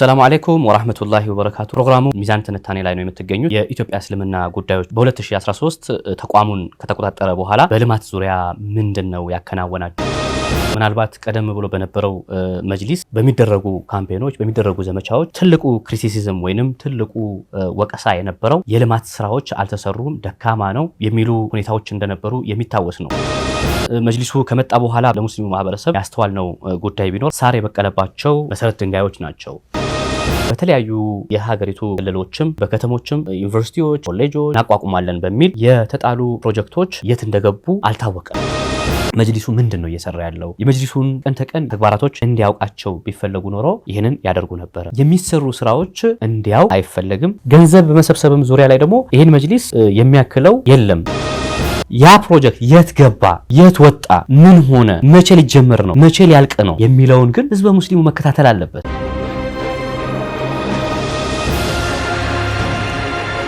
ሰላሙ አሌይኩም ወራህመቱላሂ ወበረካቱ። ፕሮግራሙ ሚዛን ትንታኔ ላይ ነው የምትገኙት። የኢትዮጵያ እስልምና ጉዳዮች በ2013 ተቋሙን ከተቆጣጠረ በኋላ በልማት ዙሪያ ምንድን ነው ያከናወናል? ምናልባት ቀደም ብሎ በነበረው መጅሊስ በሚደረጉ ካምፔኖች በሚደረጉ ዘመቻዎች ትልቁ ክሪቲሲዝም ወይንም ትልቁ ወቀሳ የነበረው የልማት ስራዎች አልተሰሩም፣ ደካማ ነው የሚሉ ሁኔታዎች እንደነበሩ የሚታወስ ነው። መጅሊሱ ከመጣ በኋላ ለሙስሊሙ ማህበረሰብ ያስተዋልነው ጉዳይ ቢኖር ሳር የበቀለባቸው መሰረት ድንጋዮች ናቸው። በተለያዩ የሀገሪቱ ክልሎችም በከተሞችም ዩኒቨርሲቲዎች፣ ኮሌጆች እናቋቁማለን በሚል የተጣሉ ፕሮጀክቶች የት እንደገቡ አልታወቀም። መጅሊሱ ምንድን ነው እየሰራ ያለው? የመጅሊሱን ቀን ተቀን ተግባራቶች እንዲያውቃቸው ቢፈለጉ ኖሮ ይህንን ያደርጉ ነበረ። የሚሰሩ ስራዎች እንዲያው አይፈለግም። ገንዘብ በመሰብሰብም ዙሪያ ላይ ደግሞ ይህን መጅሊስ የሚያክለው የለም። ያ ፕሮጀክት የት ገባ፣ የት ወጣ፣ ምን ሆነ፣ መቼ ሊጀመር ነው፣ መቼ ሊያልቅ ነው የሚለውን ግን ህዝበ ሙስሊሙ መከታተል አለበት።